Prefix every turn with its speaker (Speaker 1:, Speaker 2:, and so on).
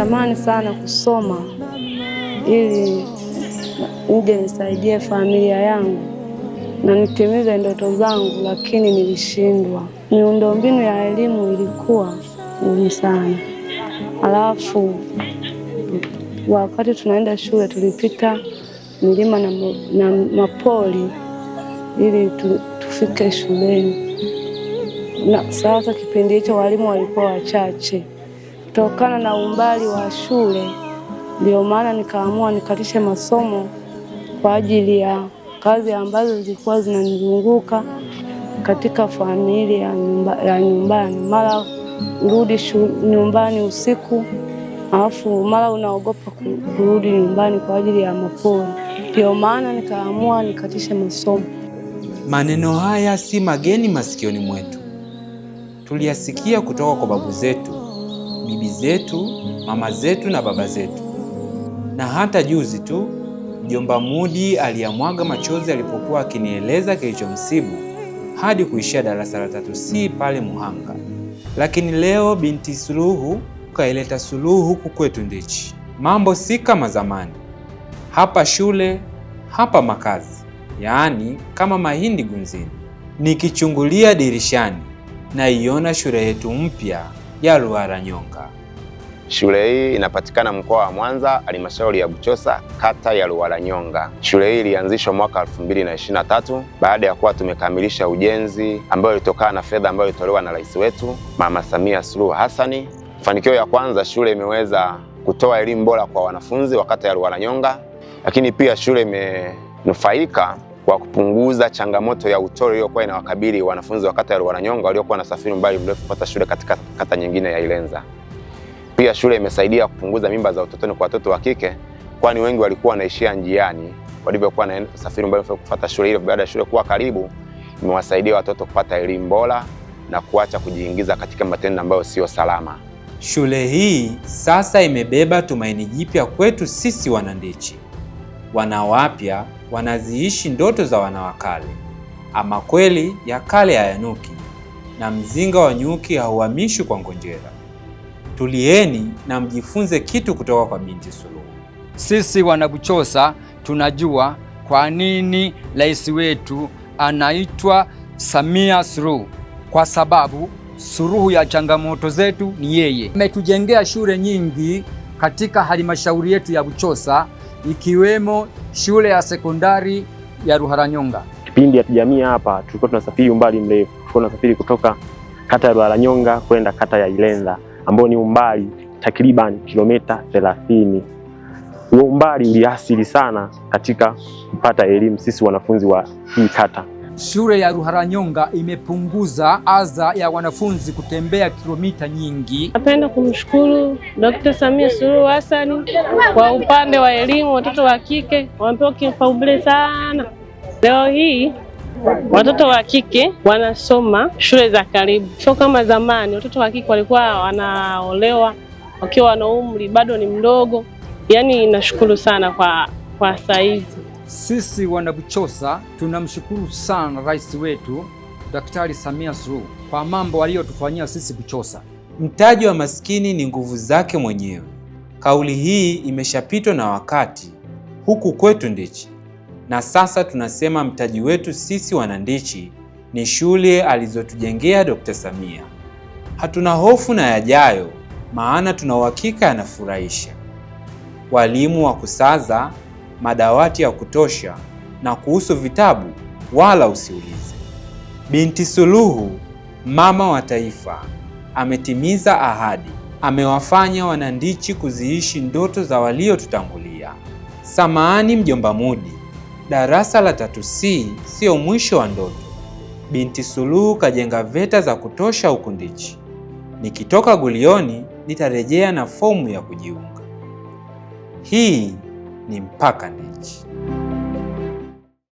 Speaker 1: Natamani sana kusoma ili nije nisaidie familia yangu na nitimize ndoto zangu, lakini nilishindwa. Miundombinu ya elimu ilikuwa ngumu sana, alafu wakati tunaenda shule tulipita milima na, na mapoli ili tu, tufike shuleni. Na sasa kipindi hicho walimu walikuwa wachache kutokana na umbali wa shule, ndio maana nikaamua nikatishe masomo kwa ajili ya kazi ambazo zilikuwa zinanizunguka katika familia ya nyumbani. Mara urudi nyumbani usiku, alafu mara unaogopa kurudi nyumbani kwa ajili ya mapori. Ndio maana nikaamua nikatishe masomo.
Speaker 2: Maneno haya si mageni masikioni mwetu, tuliyasikia kutoka kwa babu zetu bibi zetu, mama zetu na baba zetu. Na hata juzi tu mjomba Mudi aliyamwaga machozi alipokuwa akinieleza kilichomsibu hadi kuishia darasa la tatu si pale Muhanga, lakini leo binti Suluhu kaileta suluhu huku kwetu Ndichi. Mambo si kama zamani, hapa shule, hapa makazi, yaani kama mahindi gunzini. Nikichungulia dirishani naiona shule yetu mpya ya Nyonga.
Speaker 3: Shule hii inapatikana mkoa wa Mwanza, halmashauri ya Buchosa, kata ya Ruharanyonga. Shule hii ilianzishwa mwaka 2023 baada ya kuwa tumekamilisha ujenzi ambayo ilitokana na fedha ambayo ilitolewa na rais wetu Mama Samia Suluhu Hassani. Mafanikio ya kwanza, shule imeweza kutoa elimu bora kwa wanafunzi wa kata ya Ruharanyonga, lakini pia shule imenufaika kwa kupunguza changamoto ya utoro iliyokuwa inawakabili wanafunzi wa kata ya Ruwananyonga waliokuwa wanasafiri umbali mrefu kupata shule katika kata nyingine ya Ilenza. Pia shule imesaidia kupunguza mimba za utotoni kwa watoto wa kike, kwani wengi walikuwa wanaishia njiani walivyokuwa wanasafiri umbali mrefu kupata shule ile. Baada ya shule kuwa karibu, imewasaidia watoto kupata elimu bora na kuacha kujiingiza katika matendo ambayo sio salama.
Speaker 2: Shule hii sasa imebeba tumaini jipya kwetu sisi Wanandechi wanawapya wanaziishi ndoto za wanawakale Ama kweli ya kale hayanuki, na mzinga wa nyuki hauhamishwi kwa ngonjera. Tulieni na mjifunze kitu kutoka kwa Binti Suluhu.
Speaker 4: Sisi Wanabuchosa tunajua kwa nini rais wetu anaitwa Samia Suluhu, kwa sababu suruhu ya changamoto zetu ni yeye. Ametujengea shule nyingi katika halmashauri yetu ya Buchosa ikiwemo shule ya sekondari ya Ruharanyonga.
Speaker 3: Kipindi hatujamia hapa, tulikuwa tunasafiri umbali mrefu, tulikuwa tunasafiri kutoka kata ya Ruharanyonga kwenda kata ya Ilenda ambao ni umbali takriban kilomita 30. Huo umbali uliasili sana katika kupata elimu sisi wanafunzi wa hii kata.
Speaker 4: Shule ya Ruharanyonga imepunguza adha ya wanafunzi kutembea kilomita nyingi.
Speaker 5: Napenda kumshukuru Dkt. Samia Suluhu Hassan kwa upande wa elimu, watoto wa kike wamepewa kipaumbele sana. Leo hii watoto wa kike wanasoma shule za karibu, sio kama zamani. Watoto wa kike walikuwa wanaolewa wakiwa wana umri bado ni mdogo. Yaani nashukuru sana kwa, kwa saizi
Speaker 4: sisi wanabuchosa tunamshukuru sana rais wetu Daktari Samia Suluhu kwa mambo aliyotufanyia sisi Buchosa.
Speaker 2: Mtaji wa maskini ni nguvu zake mwenyewe. Kauli hii imeshapitwa na wakati huku kwetu Ndichi, na sasa tunasema mtaji wetu sisi wanandichi ni shule alizotujengea Dkt. Samia. Hatuna hofu na yajayo, maana tuna uhakika yanafurahisha. Walimu wa kusaza madawati ya kutosha, na kuhusu vitabu wala usiulize. Binti Suluhu, mama wa taifa, ametimiza ahadi, amewafanya wanandichi kuziishi ndoto za waliotutangulia. Samahani mjomba Mudi, darasa la tatu C sio mwisho wa ndoto. Binti Suluhu kajenga VETA za kutosha huku Ndichi. Nikitoka gulioni nitarejea na fomu ya kujiunga. Hii ni mpaka Ndichi.